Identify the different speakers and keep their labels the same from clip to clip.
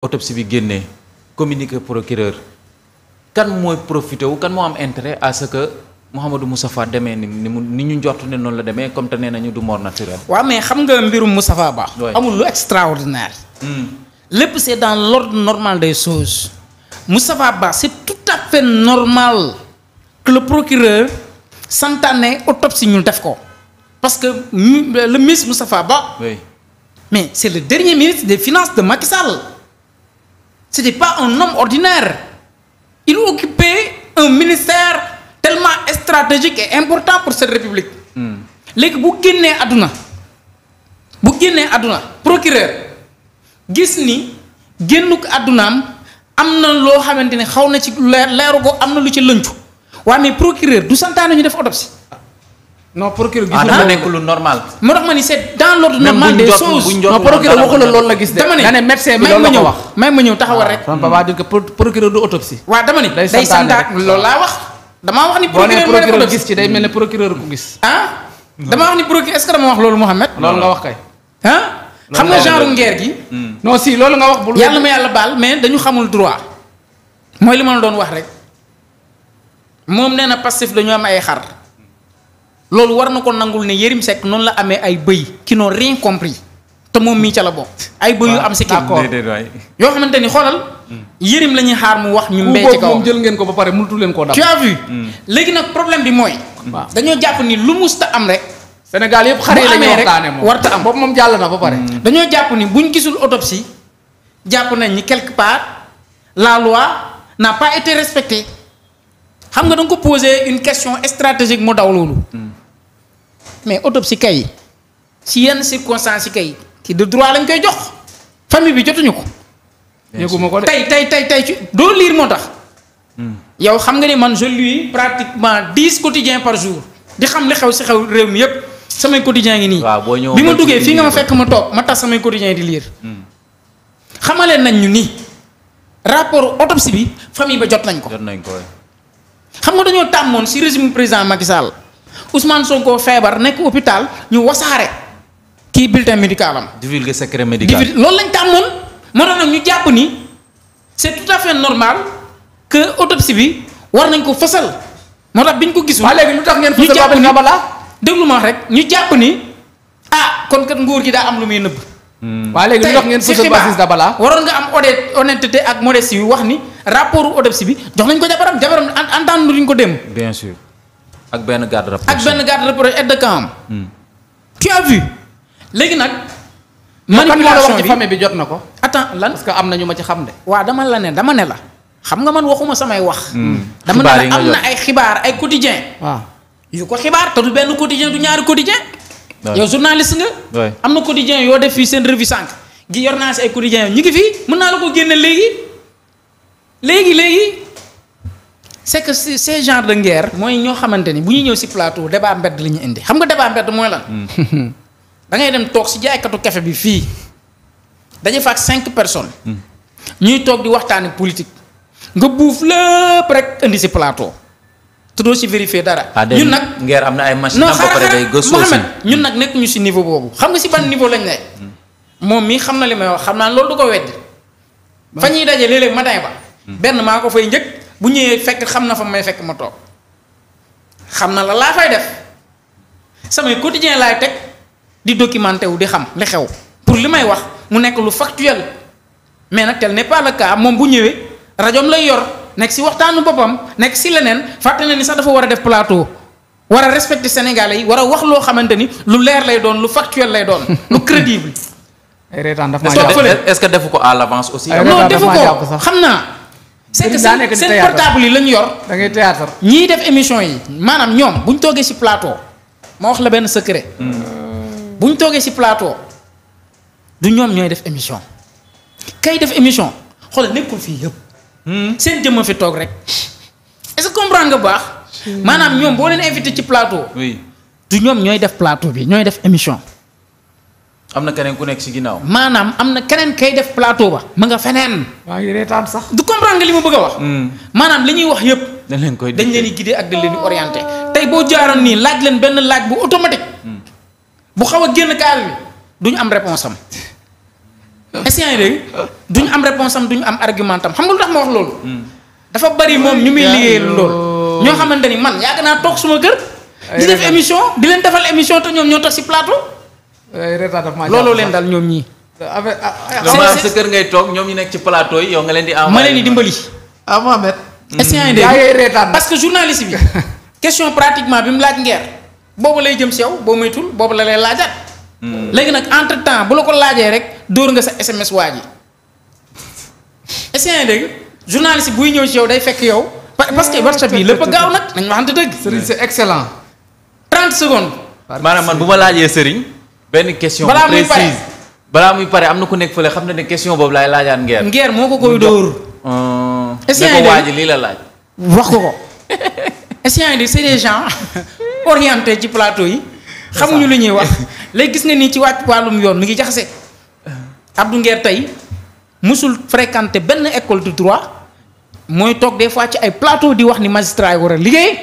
Speaker 1: autopsie bi génnee communiqué procureur kan mooy profité wu kan moo am intérêt à ce que Mouhamadou Moustapha demee ni mu ni ñu njort ne noonu la demee comme te nee nañu du mort naturel. waaw mais xam nga mbirum Moustapha Ba. amul lu extraordinaire. Hmm. lépp c'est dans
Speaker 2: l'ordre normal des choses. Moustapha Ba c'est tout à fait normal que le procureur santaane autopsie ñu def ko parce que le ministre Moustapha Ba. oui mais c'est le dernier ministre des finance de Macky c'était pas un homme ordinaire il occupait un ministère tellement stratégique et important pour cette république hmm. léegi bu génnee àdduna bu génnee àdduna procureur gis ni génn génnuk àddunaam am na loo xamante ne xaw na ci leer leeru ko am na lu ci lëncu waaye mais procureur du santaane ñu def autopsie non procureur
Speaker 1: ah, gis na nekk lu normal.
Speaker 2: moo tax ma ni c'est dans l'ordre normal des choses non procureur waxu la loolu la gis de. dama ne nga ne médecin may ma ñëw may ma ñëw taxawal rek. procureur du autopsie. waaw dama ni day santaane loolu laa wax. damaa wax ni procureur ko day mel ne procureur ko gis. ah damaa wax ni procureur est dama wax loolu Mouhamed. loolu nga wax kay. ah xam nga genre ngeer gi. Hmm. non si loolu nga wax. bul yàlla ma yàlla baal mais dañu xamul droit. mooy li ma la doon wax rek moom nee na passif dañu am ay xar loolu war na ko nangul ne Yérim Seck noonu la amee ay bëy qui n'ont rien compris te moom mii ca la bokk. ay bëy yu am si kii d'accord yoo xamante ni xoolal. Yérim la ñuy xaar mu wax ñu. mbéy ci kaw moom jël ngeen ko ba pare mënatu leen koo dab. tu as hmm. léegi nag problème bi mooy. dañoo jàpp ni lu musta am rek. Sénégal yëpp xare la ñuy waxtaane moom warta am boobu moom jàll na ba pare. Hmm. dañoo jàpp ni buñ gisul autopsie jàpp nañ ni quelque part la loi n'a pas été respectée xam nga da ko poser une question stratégique mu daw loolu. Hmm. mais autopsie kay si yenn circonstances yi kay ci de droit lañ koy jox famille bi jotuñu ko. yëguma ko de tey tey tey tey doo liir moo tax. Hmm. yow xam nga ni man je lis pratiquement dix quotidiens par jour di xam li xew si xew réew mi yëpp samay quotidiens ngi nii.
Speaker 1: bi ma duggee fii nga ma fekk
Speaker 2: ma toog ma tas samay quotidiens di liir. Hmm. xamale nañ ñu ni rapport autopsie bi famille ba jot nañ ko. jot nañ ko xam nga dañoo tàmmoon si régime président Macky Sall. Ousmane Sonko feebar nekk hôpital ñu wasaare kii bulletin médical am.
Speaker 1: divulguer secret médical
Speaker 2: loolu lañ tàmmoon moo tax nag ñu jàpp ni c'est tout à fait normal que autopsie bi war nañ ko fësal moo tax biñ ko gisul. waa léegi lu tax ngeen fësal Babal Ngabala déglu ma rek ñu jàpp ni ah kon kat nguur gi daa am lu muy nëbb. Hmm. waa léegi lu tax ngeen fësal da Ngabala waroon nga am honnêteté ak modestie yu wax ni rapport autopsie bi jox nañ ko jabaram jabaram entendre luñ ko dem.
Speaker 1: ak benn garde rapproché ak
Speaker 2: benn garde rapproché aide de camp am. Hmm. tu as vu léegi nag. manipulation bi famille bi jot na ko. attends lan parce que am na ñu ma ci xam de. waa dama la ne dama ne la xam nga man waxuma samay wax.
Speaker 1: Hmm. dama ne la am na ay
Speaker 2: xibaar ay quotidien waaw yu ko xibaar te du benn quotidien du ñaari quotidien yow journaliste nga. am na quotidien yoo def fii seen revue sànq. gi yor naa si ay quotidien ñu ngi fii mën naa la ko génne léegi léegi léegi. c'est que ces genre de guerre mooy ñoo xamante ni bu ñu ñëw si plateau débat mbedd li ñu indi xam nga débat mbedd mooy lan. Hmm. da ngay dem toog si jaaykatu café bi fii dañu faak cinq personnes. Hmm. ñuy toog di waxtaane politique nga buuf lépp rek indi si plateau. te doo si vérifier dara. Ah, ñun nag
Speaker 1: ngeer am na ay machine am ba pare day gëstu
Speaker 2: si hmm. niveau boobu xam nga si ban niveau lañ nekk. moom mii xam na li may wax xam naa loolu du ko weddi. fa ñuy daje léeg-léeg matin ba. benn maa ko fay bu ñëwee fekk xam na fa may fekk ma toog xam na la laa fay def samay quotidien laay teg di documenté wu di xam li xew pour li may wax mu nekk lu factuel mais nag tel n'est pas le moom bu ñëwee rajoom lay yor nekk si waxtaanu boppam nekk si leneen fàtte na ni sax dafa war a def plateau war a respecter sénégalais yi war a wax loo xamante ni lu leer lay doon lu factuel lay doon lu crédible.
Speaker 1: ay reetaan daf maa est defu ko à l'avance aussi. non defu ko
Speaker 2: xam naa. c'est que seen seen portable yi lañ yor. da ngay théâtre ñiy def émission yi maanaam ñoom bu ñu toogee si plateau ma wax la benn secret. bu ñu toogee ci plateau du ñoom ñooy def émission kay def émission xoolal nekkul fii yëpp. Hmm. seen jëmm fi toog rek est-ce que comprendre nga baax. Hmm. maanaam ñoom boo leen invité ci plateau. oui du ñoom ñooy def plateau bi ñooy def émission. am na keneen ku nekk ci ginnaaw. maanaam am na keneen kay def plateau ba. ma nga feneen. maa sax. du comprendre nga li ma bëgg a wax. Hmm. maanaam li ñuy wax yëpp. dañ leen koy dañ leen di guider ak dañ leen di tey boo jaaroon nii laaj leen benn laaj bu automatique. Hmm. bu xaw a génn kaal bi duñu am réponse am. Hmm. est-ce que léegi am réponse du ñu am argument am xam nga lu tax ma wax loolu. dafa bari moom ñu muy liggéeyal loolu. ñoo xamante ni man yàgg naa toog suma kër. di def di leen defal émission ñoo toog ci plateau. Eh, reetaan daf maa looloo leen daal ñoom ñii. affaire ah, ah sa
Speaker 1: kër ngay toog ñoom ñi nekk ci plateau yow nga leen di. envoyé ma leen di dimbali.
Speaker 2: ah Mohamed. est-ce que mm. parce que journaliste bi question pratiquement bi mu laaj ngeer boobu lay jëm si yow boo moytul boobu la lay laajaat. Mm. léegi nag entre temps bu la ko laajee rek dóor nga sa SMS waa ji est-ce que dégg journaliste buy ñëw si yow day fekk yow. parce que WhatsApp yi lépp a gaaw nag. nañ
Speaker 1: waxante dëgg. Serigne c'est excellent. 30 secondes. maanaam man bu benn question précise balaa muy pare am na ku nekk fële xam ne ne question boobu laay laajaan ngeer. ngeer
Speaker 2: moo ko koy dóor.
Speaker 1: Euh, est-ce que lii la laaj.
Speaker 2: wax ko ko est-ce que c'est des gens orientés ci plateau yi. xamuñu lu ñuy wax léegi gis nga ni ci wàcc wàllum yoon mi ngi jaxase. Abdou Nguer tey mosul fréquenter benn école de droit mooy toog des fois ci ay plateau di wax ni magistrat yi war a liggéey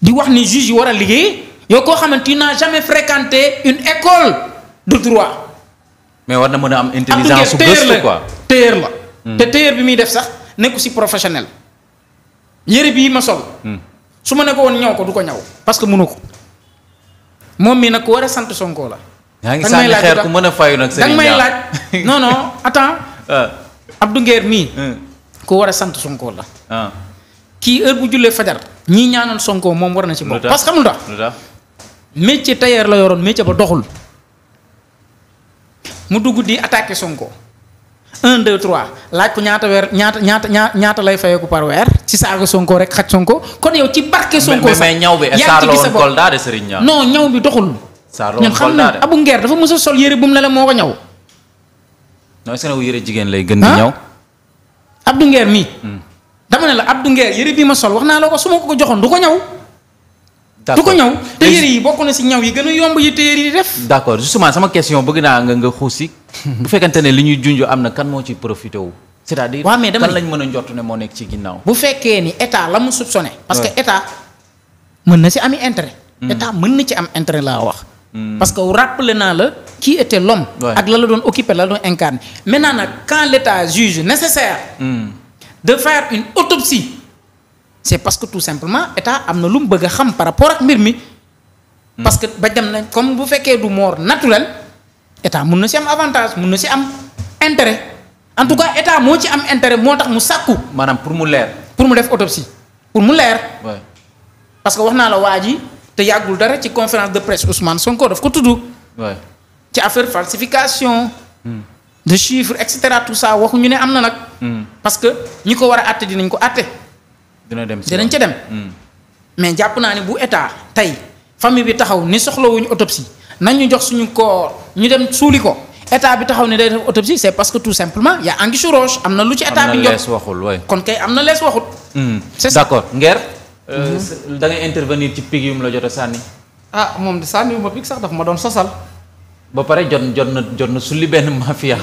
Speaker 2: di wax ni juge yi war a liggéey. yoo koo xamante tu n'as jamais fréquenté une école de droit.
Speaker 1: mais war na mën a am intelligence su gëstu quoi téyër la hmm. te
Speaker 2: téyër bi muy def sax nekku si professionnel. yére bii ma sol. Hmm. su ma ne woon ñaw ko du ko ñaw parce que mënu ko moom mii nag ku war a sant Sonko la.
Speaker 1: yaa ngi sànni xeer mën a fayu nag Serigne may laaj
Speaker 2: non non attends. Ah. Abdou Nguer mii. Hmm. ku war a sant Sonko la. Ah. kii heure bu jullee fajar. ñii ñaanal Sonko moom war na ci bopp. parce que xam métier tailleur la yoroon métier ba doxul mu dugg di attaqué Sonko un deux trois laaj ko ñaata weer ñaata ñaata ñaata lay fayeeku par weer ci saaga Sonko rek xaj Sonko kon yow ci barke. Sonko sax mais mais ñaw bi saar la woon
Speaker 1: Kolda de doxul. saar xam na
Speaker 2: Abu Ngeer dafa mos sol yére bu mu ne la moo ko ñaw.
Speaker 1: non est yére jigéen lay gën di ah? ñaw.
Speaker 2: Abdou Ngeer mii. Hmm. ne la Abdou Ngeer yére bii ma sol wax naa la ko su ma ko joxoon du ko ñaw.
Speaker 1: du ko ñaw téyeer yi bokk na si ñaw yi gën a yomb yi téyeer yi def. d' accord justement sama question bëgg naa nga nga xuusi bu fekkente ne li ñuy junj am na kan moo ci profité wu. c' est à dire waaw mais dama kan mën a njort ne moo nekk ci ginnaaw. bu fekkee ni état la mu soupçonné. parce que
Speaker 2: état mën na si ami intérêt. Hmm. état mën na ci am intérêt laa wax. Hmm. parce que rappelé naa la qui était l'homme ak la la doon occupé la la doon incarné maintenant nag quand l' juge nécessaire. Hmm. de faire une c'est parce que tout simplement état am na lu mu bëgg xam par rapport ak mbir mi. Hmm. parce que ba dem nañ comme bu fekkee du mort naturel état mun na si am avantage mun na si am intérêt en tout cas état moo ci am intérêt moo tax mu sàkku. maanaam pour mu leer. pour mu def autopsie pour mu leer. parce que wax naa la waa ji te yàggul dara ci conférence de presse Ousmane Sonko daf ko tudd. ci affaire falsification. Hmm. de chiffres et cetera tout ça waxuñu ne am na nag. Hmm. parce que ñi ko war a àtte dinañ ko àtte. dina dem si ca dem. Hmm. mais jàpp naa ne bu état tey famille bi taxaw ni soxlawuñu autopsie nañ ñu jox suñu corps ñu dem suuli ko état bi taxaw ne day def autopsie c'est parce que tout simplement y a anguille roche am na lu ci état bi. lees waxul waay kon kay am na lees waxut.
Speaker 1: Hmm. c'est ça d'accord Nguer. Euh, mhm. da ngay intervenir ci pig yu mu la jot a sànni. ah moom de sànni yu ma sax dafa ma doon sosal. ba pare jot jot na jot na sulli benn mafia.